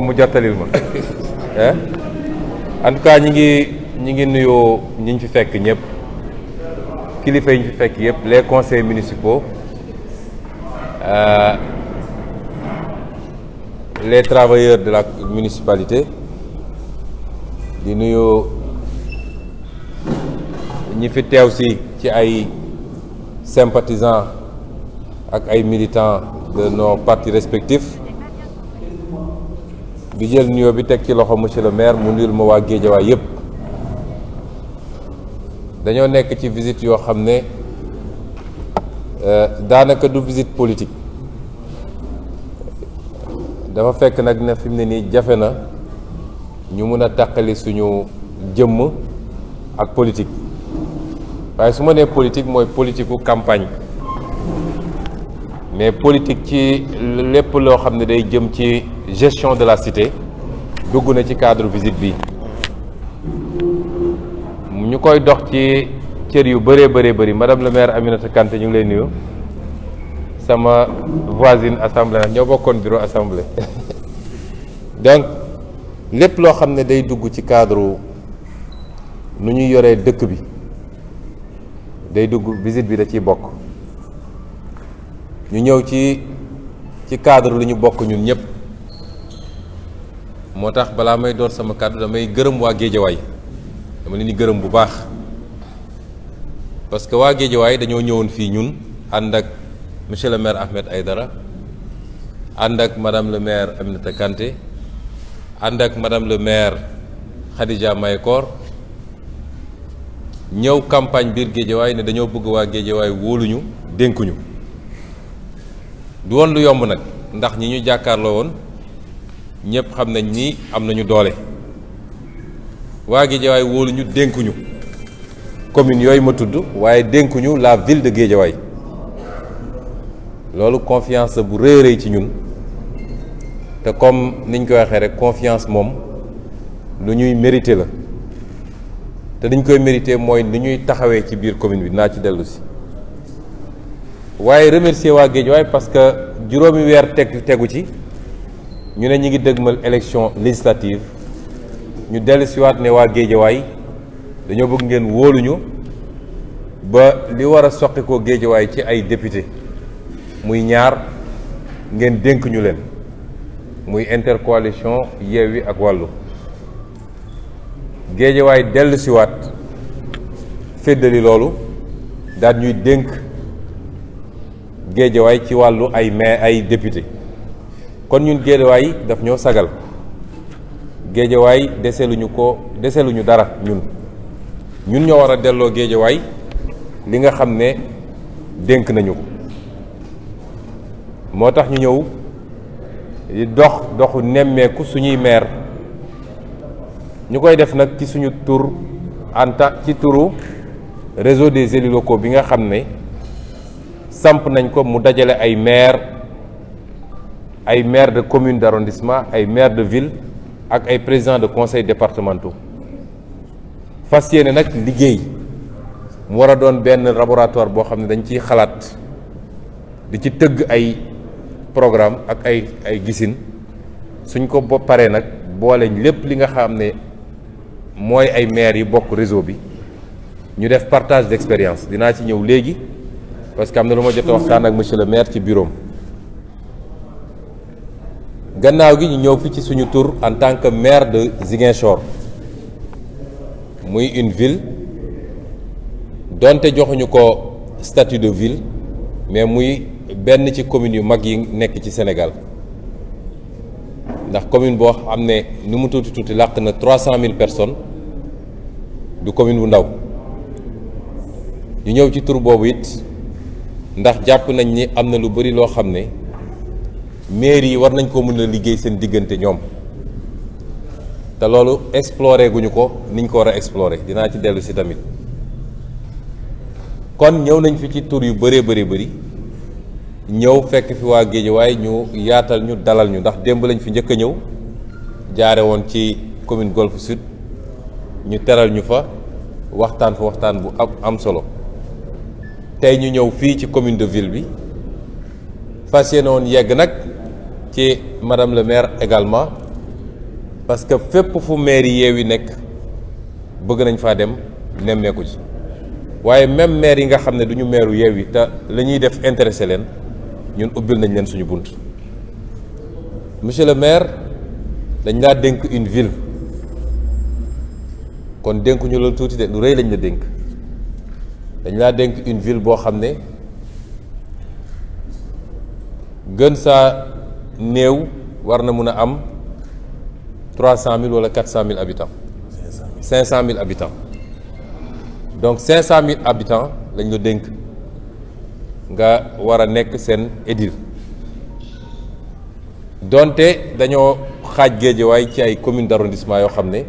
mu jottalil ma eh? en ñi ngi ñi ngi nuyoo ñi ñu fi fekk ñëpp kilifa yi ñu fi fekk yëpp les conseils municipaux euh, les de la municipalité di nuyoo ñi fi teew si ci ay sympathisants ak ay militants de nos partis respectifs di jël nuyoo bi teg ci loxo monsieur le maire mu nuyul ma waa Géejawaay yépp dañoo nekk ci visite yoo xam ne euh, daanaka du visite politique dafa fekk nag na fi mu ne nii jafe na ñu mun a tàqali suñu jëmm ak politique waaye su ma nee politique mooy politique ku campagne mais politique ci lépp loo xam ne day jëm ci gestion de la cité dugg na ci cadre visite bi ñu koy dox ci cër yu bëree bëree bëri madame le maire Aminata Kanté ñu ngi lay nuyu sama voisine assemblée nag ñoo bokkoon bureau assemblée donc lépp loo xam ne day dugg ci cadre nu ñuy yoree dëkk bi day dugg visite bi da ciy bokk ñu ñëw ci ci cadre lu ñu bokk ñun ñëpp moo tax balaa may door sama kàddu damay gërëm waa géejawaay dama la di gërëm bu baax parce que waa géejawaay dañoo ñëwoon fii ñun ànd ak monsieur le maire Ahmed Aïdara ànd ak madame le maire Aminata Kanté ànd ak madame le maire Khadija Mahécor ñëw campagne biir géejawaay ne dañoo bëgg waa géejawaay wóoluñu dénkuñu du woon lu yomb nag ndax ñi ñu jàkkaarloo woon ñëpp xam nañ ni am nañu doole waa Géejawaay wóoluñu dénkuñu commune yooyu ma tudd waaye dénkuñu la ville de Géejawaay loolu confiance bu rëy rëy ci ñun te comme niñ koy waxee rek confiance moom lu ñuy mérité la te liñ koy mérité mooy ni ñuy taxawee ci biir commune bi naa ci dellu si waaye remercier waa Géejawaay parce que juróomi weer teg tegu ci ñu ne ñu ngi dëgmal élection législative ñu dell siwaat ne waa géejawaay dañoo bëgg ngeen wóoluñu ba li war a soqi koo géejawaay ci ay député muy ñaar ngeen dénk ñu leen muy intercoalition Yewwi ak wàllu géejawaay dellu siwaat féddali loolu daal ñuy dénk géejawaay ci wàllu ay maire ay député kon ñun géejawaay daf ñoo sagal géejawaay deseluñu ko deseeluñu dara ñun ñun ñoo war a delloo géejawaay li nga xam ne dénk nañu ko moo tax ñu ñëw di dox doxu nemmeeku suñuy meer ñu koy def nag ci suñu tur anta ci turu réseau des élus ko bi nga xam ne samp nañ ko mu dajale ay maire ay maire de commune d' ay maire de ville ak ay président de conseil départementaux fas yéene nag liggéey mu war a doon benn laboratoire boo xam ne dañ ciy xalaat di ci tëgg ay programme ak ay ay gisin suñ ko ba paree nag booleñ lépp li nga xam ne mooy ay maire yi bokk réseau bi ñu def partage d' expérience dinaa ci ñëw léegi parce que am na lu ma jot waxtaan ak monsieur le maire ci bureau gannaaw gi ñu ñëw fi ci suñu tour en tant que maire de Ziguinchor muy une ville donte joxuñu ko statut de ville mais muy benn ci commune yu mag yi nekk ci Sénégal ndax commune boo xam ne nu mu tuuti tuuti làkk na trois cent mille personnes du commune bu ndaw ñu ñëw ci tur boobu it ndax jàpp nañ ni am na lu bari loo xam ne maire yi war nañ koo mën na liggéey seen diggante ñoom te loolu explorer guñu ko niñ ko war a explorer dinaa ci dellu si tamit kon ñëw nañ fi ci tur yu bëree bëri bëri ñëw fekk fi waa waaye ñu yaatal ñu dalal ñu ndax démb lañ fi njëkk a ñëw jaare woon ci commune Golf Sud ñu teral ñu fa waxtaan fa waxtaan bu am am solo tey ñu ñëw fii ci commune de ville bi fas yéene woon yegg nag ci madame le maire également parce que fépp fu maire yeew yi nekk bëgg nañ faa dem nemmeeku ci waaye même maire yi nga xam ne du ñu meeru yeew yi te la ñuy def intéressé leen ñun ubbil nañ leen suñu bunt monsieur le maire dañ laa dénk une ville kon dénkuñu loolu tuuti de lu rëy lañ la dénk dañ laa dénk une ville boo xam ne gën saa néew war na mun a am trois cent mille wala quatre cent mille habitants. cinq cent mille habitants donc cinq cent mille habitants lañ la dénk nga war a nekk seen édile doonte dañoo xaaj waaye ci ay commune d'arrondissement yoo xam ne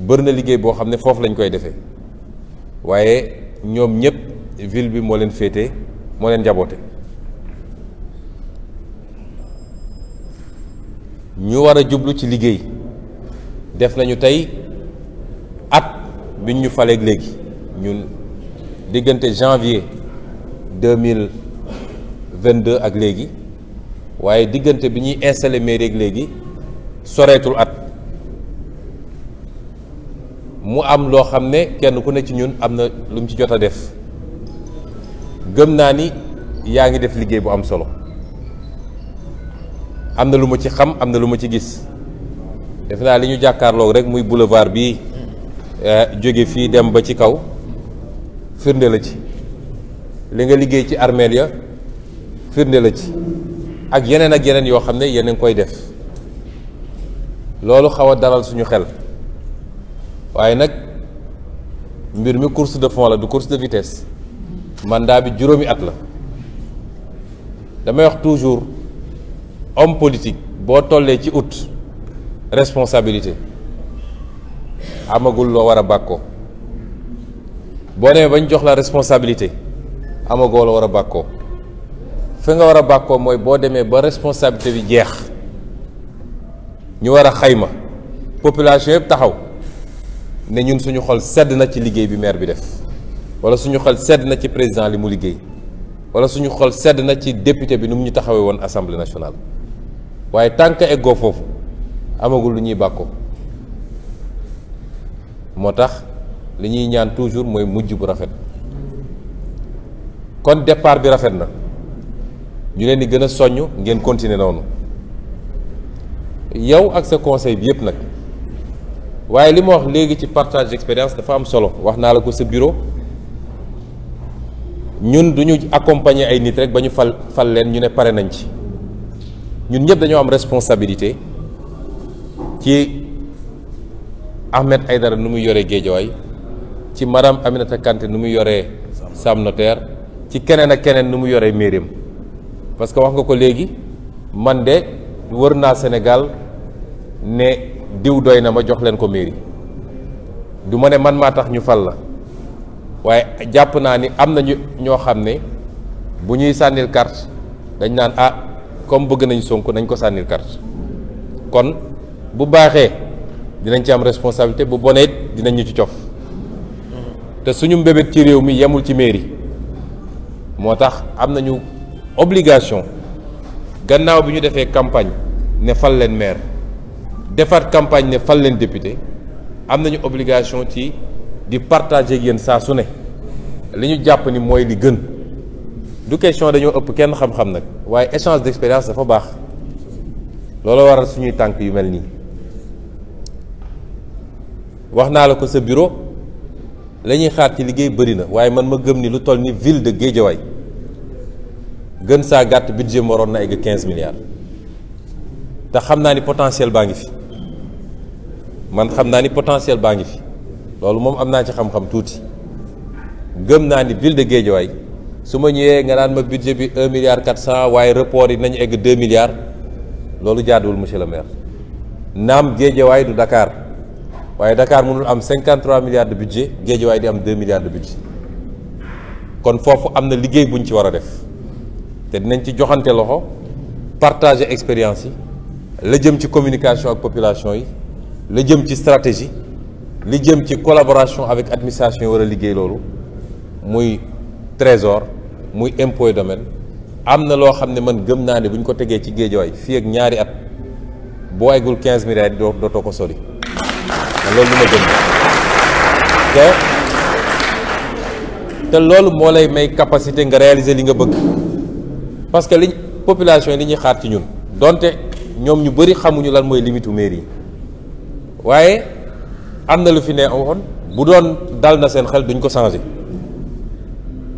bëri na liggéey boo xam ne foofu lañ koy defee waaye ñoom ñëpp ville bi moo leen féete moo leen jaboote ñu war a jublu ci liggéey def nañu tey at biñ ñu faleeg léegi ñun diggante janvier deux mille vingt-deux ak léegi waaye diggante bi ñuy installé mairie ak léegi soreetul at mu am loo xam ne kenn ku ne ci ñun am na lu mu ci jot a def gëm naa ni yaa ngi def liggéey bu am solo am na lu ma ci xam am na lu ma ci gis def naa li ñu jàkkaarloo rek muy boulevard bii eh, jóge fii dem ba ci kaw firnde la ci li nga liggéey ci armeel ya firnde la ci ak yeneen ak yeneen yoo xam ne yeneen koy def loolu xaw a daral suñu xel waaye nag mbir mi course de fond la du course de vitesse mandat bi juróomi at la damay wax toujours homme politique boo tollee ci août responsabilité amagul loo war a bàkkoo boo demee bañ jox la responsabilité amagoo loo war a bàkkoo fi nga war a bàkkoo mooy boo demee ba responsabilité bi jeex ñu war a xayma population yëpp taxaw ne ñun suñu xol sedd na ci liggéey bi maire bi def wala suñu xol sedd na ci président li mu liggéey wala suñu xol sedd na ci député bi nu mu ñu taxawee woon assemblée nationale waaye tànk eggoo foofu amagul lu ñuy bàkkoo moo tax li ñuy ñaan toujours mooy mujj bu rafet kon départ bi rafet na ñu leen di gën a soññ ngeen continuer noonu yow ak sa conseil bi yëpp nag waaye li ma wax léegi ci partage d'expérience dafa am solo wax naa la ko sa bureau ñun du ñu accompagner ay nit rek ba ñu fal fal leen ñu ne pare nañ ci ñun ñëpp dañoo am responsabilité ci Ahmed Aïdara nu muy yoree Géejawaay ci madame Aminata Kanté nu muy yoree Sam Notaire ci keneen ak keneen nu mu yoree mairie parce que wax nga ko léegi man de wër naa Sénégal ne diw doy na ma jox leen ko mairie du ma ne man maa tax ñu fal la waaye jàpp naa ni am na ñu ñoo xam ne bu ñuy sànnil carte dañ naan ah comme bëgg nañ Sonko nañ ko sànnil carte kon bu baaxee dinañ ci am responsabilité bu bonee dinañu ci cof te suñu mbébét ci réew mi yemul ci mairie moo tax am nañu obligation gannaaw bi ñu defee campagne ne fal leen maire defaat campagne ne fal leen député am nañu obligation ci di partager ak saa su ne li ñu jàpp ni mooy li gën du question dañoo ëpp kenn xam-xam nag waaye échange d'expérience dafa baax loolu waral suñuy tànk yu mel nii wax naa la ko sa bureau la ñuy xaar ci liggéey bëri na waaye man ma gëm ni lu toll ni ville de Guédiawaye gën saa gàtt budget waroon na egg quinze milliards te xam naa ni potentiel baa ngi fi man xam naa ni potentiel baa ngi fi loolu moom am naa ci xam-xam tuuti gëm naa ni ville de Guédiawaye su ma ñëwee nga naan ma budget bi un milliard quatre cent waaye report yi nañu egg deux milliards loolu jaaduwul monsieur le maire naam waaye du Dakar waaye Dakar mënul am cinquante trois de budget géejewaay di am deux milliards de budget kon foofu am na liggéey buñ ci war a def te dinañ ci joxante loxo partager expérience yi la jëm ci communication ak population yi la jëm ci stratégie li jëm ci collaboration avec administration yi war a liggéey loolu muy trésor muy impôt et domaine am na loo xam ne man gëm naa ne bu ñu ko tegee ci géejawaay fii ak ñaari at boo eggul 15 milliards doo dootoo ko sori loolu lu ma gëm te te loolu moo lay may capacité nga réaliser li nga bëgg parce que li population yi li ñuy xaar ci ñun donte ñoom ñu bëri xamuñu lan mooy limitu mairie yi waaye am na lu fi ne waxoon bu doon dal na seen xel duñ ko changer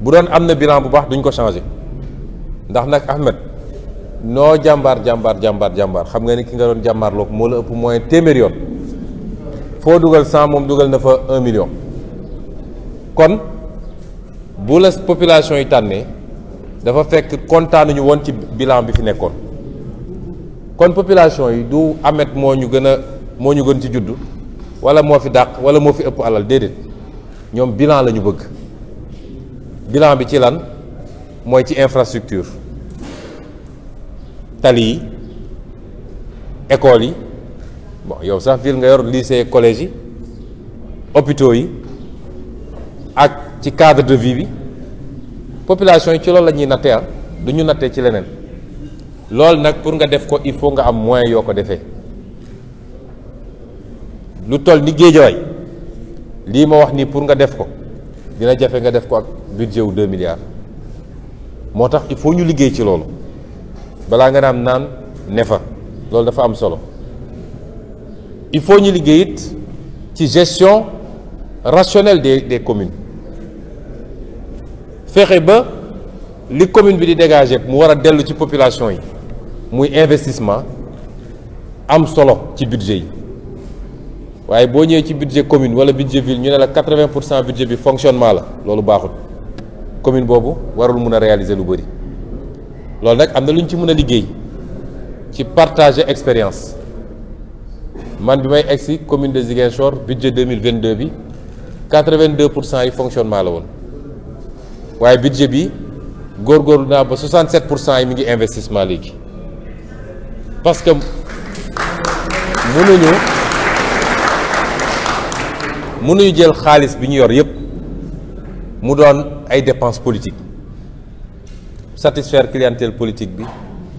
bu doon am na bilan bu baax duñ ko changé ndax nag Ahmed noo jàmbaar jàmbaar jàmbaar jàmbaar xam nga ni ki nga doon jàmbaar loog moo la ëpp moyen téeméer yoon foo dugal cent moom dugal na fa million kon bu la population yi tànnee dafa fekk kontaanuñu woon ci bilan bi fi nekkoon kon population yi du amet moo ñu gën a moo ñu gën ci juddu wala moo fi dàq wala moo fi ëpp alal déedéet ñoom bilan la ñu bëgg bilan bi ci lan mooy ci infrastructure tali yi écoles yi bon yow sax ville nga yor lycée collège yi hôpitaux yi ak ci cadre de vie bi population yi ci loolu la ñuy nattee ah, du ñu nattee ci leneen loolu nag pour nga def ko il faut nga am moyen yoo ko defee lu toll ni géejawaay lii ma wax nii pour nga def ko dina jafe nga def ko ak budget wu deux milliards moo tax il faut ñu liggéey ci loolu balaa nga naan naan ne fa loolu dafa am solo il faut ñu liggéey ci gestion rationnelle des des communes fexe ba li commune bi di dégager mu war a dellu ci population yi muy investissement am solo ci budget yi waaye boo ñëwee ci budget commune wala budget ville ñu ne la quatre-vingt pour cent budget bi fonctionnement la loolu baaxul commune boobu warul mun a réaliser lu bëri loolu nag am na lu ñu ci mën a liggéey ci partage expérience man bi may egsi commune de Ziguinchor budget 2022 bi 82 pour cent yi fonctionnement la woon waaye budget bi góor góorgóorlu naa ba 67 pour cent yi mu ngi investissement léegi parce que mënuñu mënuñu jël xaalis bi ñu yor yépp mu doon ay dépenses politiques satisfaire clientèle politique bi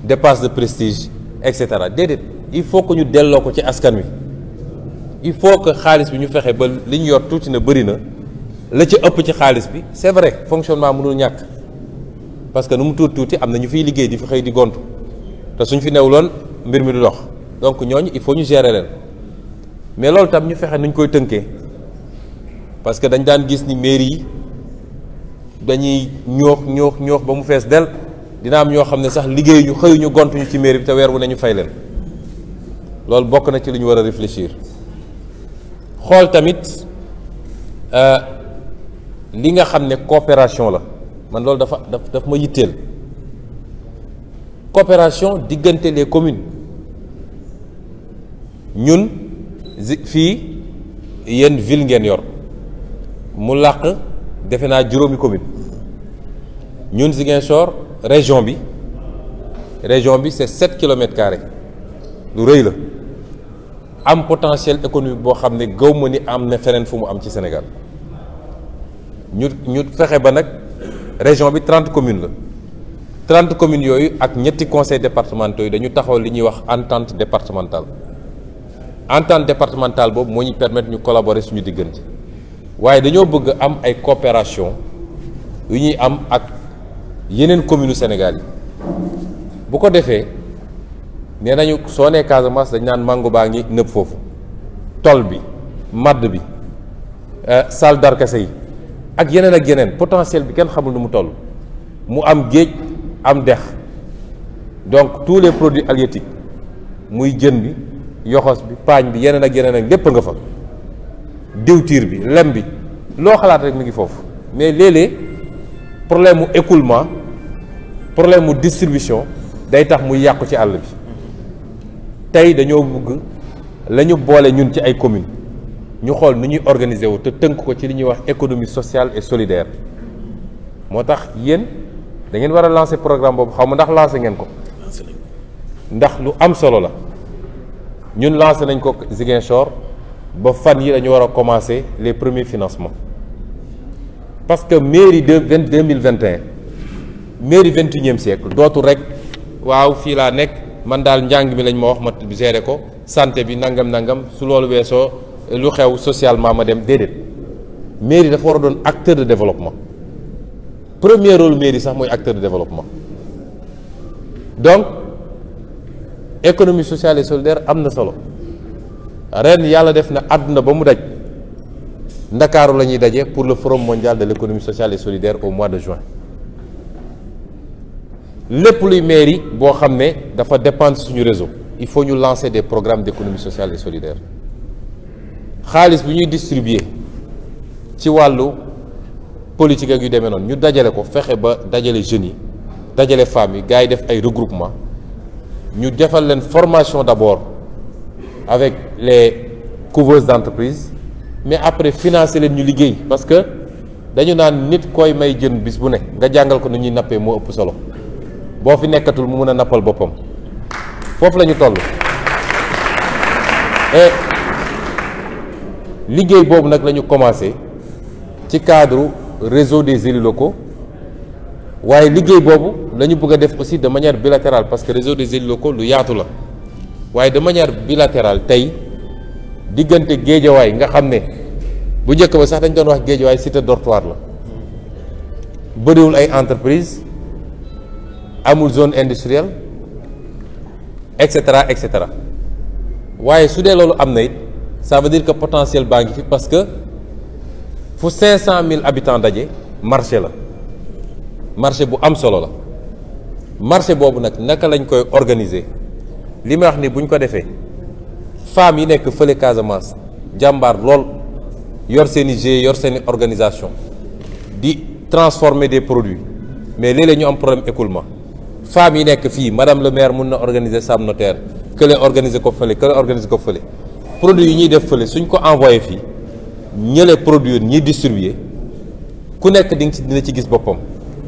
dépense de prestige et cetera déedéet il faut que ñu delloo ko ci askan wi il faut que xaalis bi ñu fexe ba li ñu yor tuuti na bëri na la ci ëpp ci xaalis bi c'est vrai fonctionnement mënul ñàkk parce que nu mu tuuti tuuti am na ñu fiy liggéey di fi xëy di gontu te suñ fi new newuloon mbir mi du dox donc ñooñu il faut ñu gérer leen mais loolu tam ñu fexe nuñ koy tënkee. parce que dañ daan gis ni mairie yi dañuy ñoox ñoox ñoox ba mu fees del dina am ñoo xam ne sax liggéeyuñu xëyuñu gontuñu ci mairie bi te weer wu ne ñu fay leen loolu bokk na ci lu ñu war a réfléchir xool tamit euh, li nga xam ne coopération la man loolu dafa daf daf ma yitteel coopération diggante les communes ñun fii yéen ville ngeen yor mu làq defe naa juróomi commune ñun Ziguinchor région bi région bi c'est sept kilomètres carrés lu rëy la am potentiel économique boo xam ne gaw ma ni am na feneen fu mu am ci Sénégal ñu ñu fexe ba nag région bi trente commune la trente commune yooyu ak ñetti conseil départementaux yi dañu taxaw li ñuy wax entente départementale entente départementale boobu moo ñu permettre ñu collaborer suñu diggante. waaye dañoo bëgg am ay coopération yu ñuy am ak yeneen commune Sénégal yi bu ko defee nee nañu soo nee Casamance dañ naan mango baa ngi nëb foofu tol bi madd bi euh, salle d'arcasé yi ak yeneen ak yeneen potentiel bi kenn xamul nu mu toll mu am géej am dex donc tous les produits halieutiques muy jën bi yoxos bi paañ bi yeneen ak yeneen ak lépp nga fa diwtiir bi lem bi loo xalaat rek mi ngi foofu mais léeg-léeg problème mu écoulement problème mu distribution day tax mu yàqu ci àll bi tey dañoo bëgg la ñu boole ñun ci ay communes ñu xool nu ñuy organiser wu te tënk ko ci li ñuy wax économie sociale et solidaire moo tax yéen da ngeen war a lancer programme boobu xaw ma ndax lancé ngeen ko ndax lu am solo la ñun lancé nañ ko Ziguinchor ba fan yi dañu war a commencer les premiers financement parce que mairie de vingt deux mille vingt et un mairie vingt et unième siècle dootul rek waaw fii laa nekk man daal njàng mi lañ ma wax ma gérer ko santé bi nangam nangam su loolu weesoo lu xew socialement ma dem déedéet mairie dafa war a doon acteur de développement premier rôle mairie sax mooy acteur de développement donc économie sociale et solidaire am na solo. ren yàlla def na àdduna ba mu daj ndakaaru la ñuy daje pour le forum mondial de l'économie sociale et solidaire au mois de juin lépp luy mairie boo xam ne dafa dépendre suñu réseau il faut ñu lancer des programme d'économie sociale et solidaire xaalis bi ñuy distribuer ci wàllu politique ak yu demee noonu ñu dajale ko fexe ba dajale jeunes dajale femmes yi gars yi def ay regroupement ñu defal leen formation d'abord avec les couveuses d'entreprise mais après financer leen ñu liggéey parce que dañu naan nit koy may jën bis bu ne nga jàngal ko nu nappee moo ëpp solo boo fi nekkatul mu mën a nappal boppam foofu la ñu toll et liggéey boobu nag lañu ñu ci cadre réseau des élus ko waaye liggéey boobu la ñu bëgg a def aussi de manière bilatérale parce que réseau des élus locaux lu yaatu la waaye de manière bilatérale tey diggante géejawaay nga xam ne bu njëkk ba sax dañ doon wax géejawaay cité dortoir la bëriwul ay entreprise amul zone industrielle et cetera et cetera waaye su dee loolu am na it ça veut dire que potentiel baa ngi fi parce que fu cinq cent mille habitants daje marché la marché bu am solo la marché boobu nag naka lañ koy organiser li may wax ni buñ ko defee femmes yi nekk fële Casamance jàmbaar lool yor seen i GIE yor seeni organisation di transformer des produits mais léeg-léeg ñu am problème écoulement femmes yi nekk fii madame le maire mun na organiser sam notaire kële organiser ko fële kële organiser ko fële produit yi ñuy def fële suñ ko envoyé fii ñële produire ñi distribuer ku nekk di nga ci dina ci gis boppam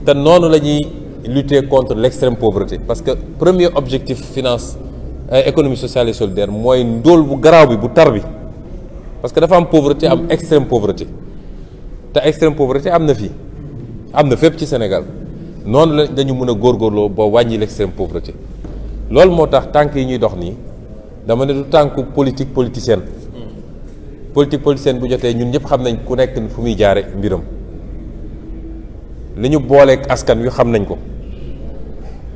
te noonu la ñuy lutter contre l'extrême pauvreté parce que premier objectif finance économie sociale et solidaire mooy ndóol bu garaaw bi bu tar bi parce que dafa am pauvreté am extrême pauvreté te extrême pauvreté am na fii am na fépp ci Sénégal noonu la dañu mën a góor góorgóorloo ba wàññi l'extrême pauvreté loolu moo tax tànk yi ñuy dox nii dama ne du tànku politique politicienne politique politicienne bu jotee ñun ñëpp xam nañ ku nekk fu muy jaare mbiram li ñu booleek askan wi xam nañ ko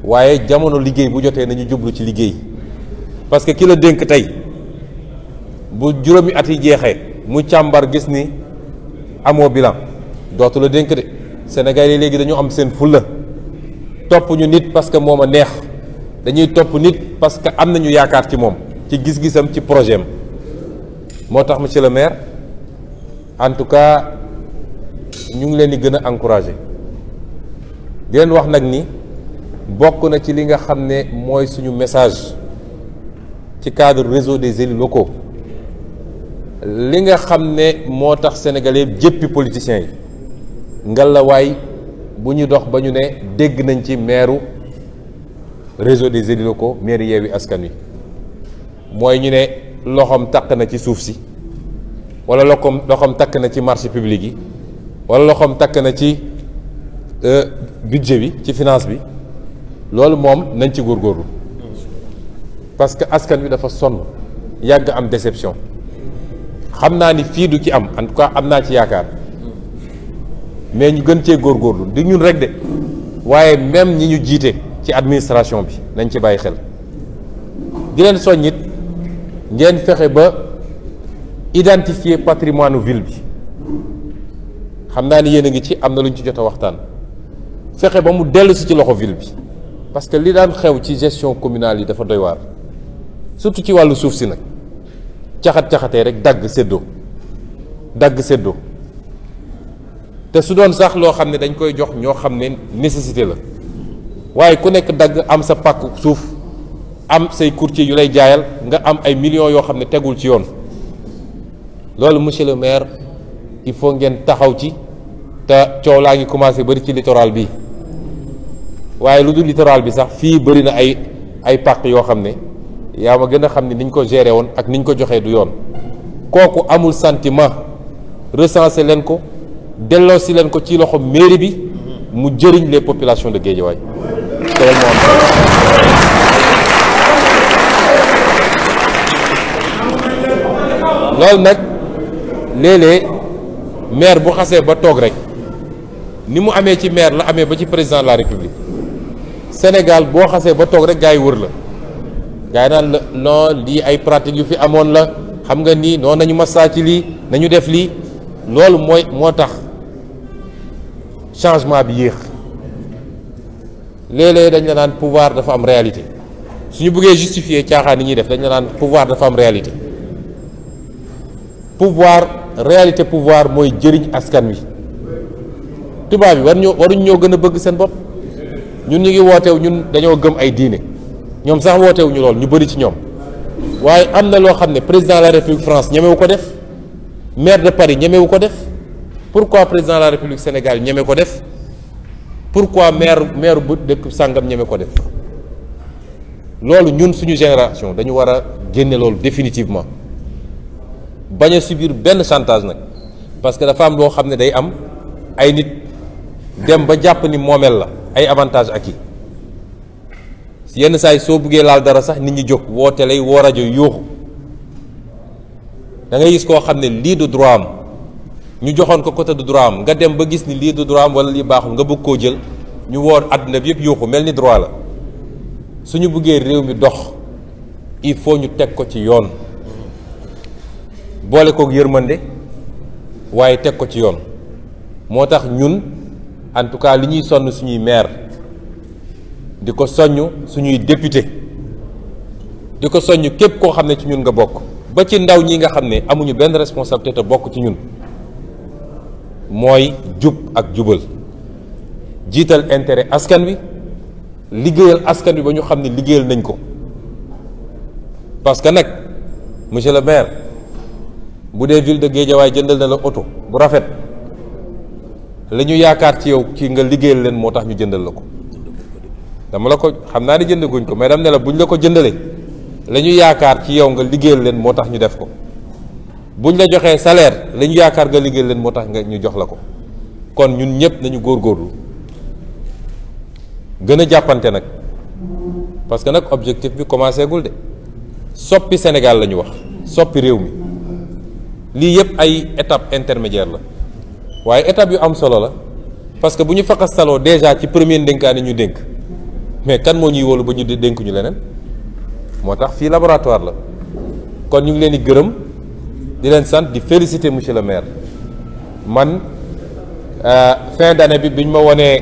waaye jamono liggéey bu jotee nañu jublu ci liggéey parce que ki la dénk tey bu juróomi at yi jeexee mu càmbar gis ni amoo bilan dootu la dénk de Sénégalais yi léegi dañu am seen fulla topp ñu nit parce que moom a neex dañuy topp nit parce que am nañu yaakaar ci moom ci gis-gisam ci projet am moo tax ma le maire en tout cas ñu ngi leen di gën a encourager di leen wax nag ni bokk na ci li nga xam ne mooy suñu message ci cadre réseau des élus locaux li nga xam ne moo tax sénégalais jëppi politiciens yi ngalawaay bu ñu dox ba ñu ne dégg nañ ci meeru réseau des élus locaux maire Yewwi Askan Wi mooy ñu ne loxoom takk na ci suuf si wala loxoom loxoom takk na ci marché public yi wala loxoom takk na ci euh, budget bi ci finance bi loolu moom nañ ci góor góorlu parce que askan wi dafa sonn yàgg am déception xam naa ni fii du ci am en tout cas am naa ci yaakaar mais ñu gën cee góor góorgóorlu di ñun rek de waaye même ñi ñu jiite ci administration bi nañ ci bàyyi xel di leen soññit ngeen fexe ba identifier patrimoine ville bi xam naa ni yéen a ngi ci am na lu ñu ci jot a waxtaan fexe ba mu dellu si ci loxo ville bi parce que li daan xew ci gestion communal yi dafa doy waar surtout ci wàllu suuf si nag caxat-caxatee rek dagg séddoo dagg séddoo te su doon sax loo xam ne dañ koy jox ñoo xam ne nécessité la waaye ku nekk dagg am sa pàkk suuf am say courtier yu lay jaayal nga am ay millions yoo xam ne tegul ci yoon loolu monsieur le maire il faut ngeen taxaw ci te coow laa ngi commencé bari ci littoral bi waaye lu dul littoral bi sax fii bëri na ay ay pàkk yoo xam ne yaa ma gën a xam ne niñ ko géré woon ak ni ñu ko joxee du yoon kooku amul santiment recensé leen ko delloo si leen ko ci loxo mairie bi mu jëriñ les populations de Guédiawaye loolu moo am nag léeg-léeg maire bu xasee ba toog rek ni mu amee ci maire la amee ba ci président de la république Sénégal boo xasee ba toog rek gars yi wër la gars yi naan non lii ay pratique yu fi amoon la xam nga nii noonu nañu massa ci lii nañu def lii loolu mooy moo tax changement bi yéex léeg-léeg dañ la naan pouvoir dafa am réalité suñu buggee justifier caaxaan ni ñuy def dañu la naan pouvoir dafa am réalité pouvoir réalité pouvoir mooy jëriñ askan wi tubaab yi war ñoo waruñ ñoo gën a bëgg seen bopp ñun ñu ngi wooteew ñun dañoo gëm ay diine ñoom sax wootewuñu lool ñu bëri ci ñoom waaye am na loo xam ne président de la république France ñemewu ko def maire de Paris ñemewu ko def pourquoi président de la république Sénégal ñeme ko def pour pourquoi maire maire bu dëkk sàngam ñeme ko def loolu ñun suñu génération dañu war a génne loolu définitivement bañ a subir benn chantage nag parce que dafa am loo xam ne day am ay nit dem ba jàpp ni moomeel la ay avantages acquis yenn saa yi soo buggee laal dara sax nit ñi jóg woo lay woo rajo yuuxu da ngay gis koo xam ne lii du droit am ñu joxoon ko côté du droit am nga dem ba gis ni lii du droit am wala lii baaxul nga bëgg koo jël ñu woor àdduna bi yëpp yuuxu mel ni droit la suñu buggee réew mi dox il faut ñu teg ko ci yoon boole kook yërmande waaye teg ko ci yoon moo tax ñun en tout cas li ñuy sonn suñuy maire di ko soññ suñuy député di ko soññ képp koo xam ne ci ñun nga bokk ba ci ndaw ñi nga xam ne amuñu benn responsabilité te bokk ci ñun mooy jub ak jubal jiital intérêt askan wi liggéeyal askan wi ba ñu xam ne liggéeyal nañ ko parce que nag monsieur le maire bu dee ville de Guédiawaye jëndal na la oto bu rafet la ñu yaakaar ci yow ci nga liggéeyal leen moo tax ñu jëndal la ko dama la ko xam naa ne jënd guñ ko mais dama ne la ñu la ko jëndalee la ñu yaakaar ci yow nga liggéeyal leen moo tax ñu def ko buñ la joxee salaire la ñu yaakaar nga liggéeyal leen moo tax nga ñu jox la ko kon ñun ñëpp nañu góorgóorlu gën a jàppante nag parce que nag objectif bi commencé gul de soppi Sénégal la ñu wax soppi réew mi lii yëpp ay étape intermédiaire la waaye étape yu am solo la parce que bu ñu faqas saloo déjà ci premier ndénkaane ñu dénk mais kan moo ñuy wóolu ba ñu dénku ñu leneen moo tax fii laboratoire la kon ñu ngi leen di gërëm di leen sant di féliciter monsieur le maire man euh, fin d'année bi bi ñu ma wonee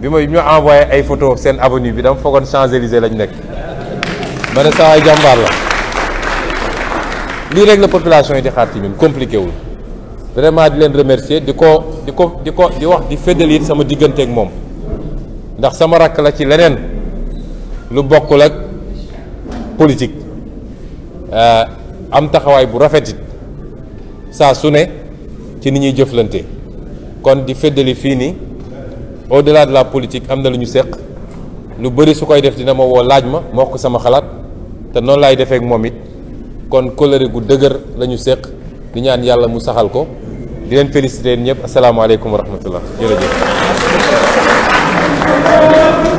bi ma ñu envoyé ay photo seen avenue bi dama foogoon Champs-Élysées lañ nekk ma ne saa la lii rek la population yi di xaar ci ñun compliqué wul vraiment di leen remercier di ko di ko di ko di wax di féddali sama diggante ak moom ndax sama rakk la ci leneen lu bokkul ak politique am taxawaay bu rafetit saa su ne ci ni ñuy jëflante kon di feddali fii ni au-delà de la politique am na lu ñu seq lu bëri su koy def dina ma woo laaj ma ma wax ko sama xalaat te noonu laay defeek moom it kon kóllëre gu dëgër lañu ñu seq di ñaan yàlla mu saxal ko di leen féliciter ñëpp asalaamaaleykum wa rahmatullah jërëjëf Allez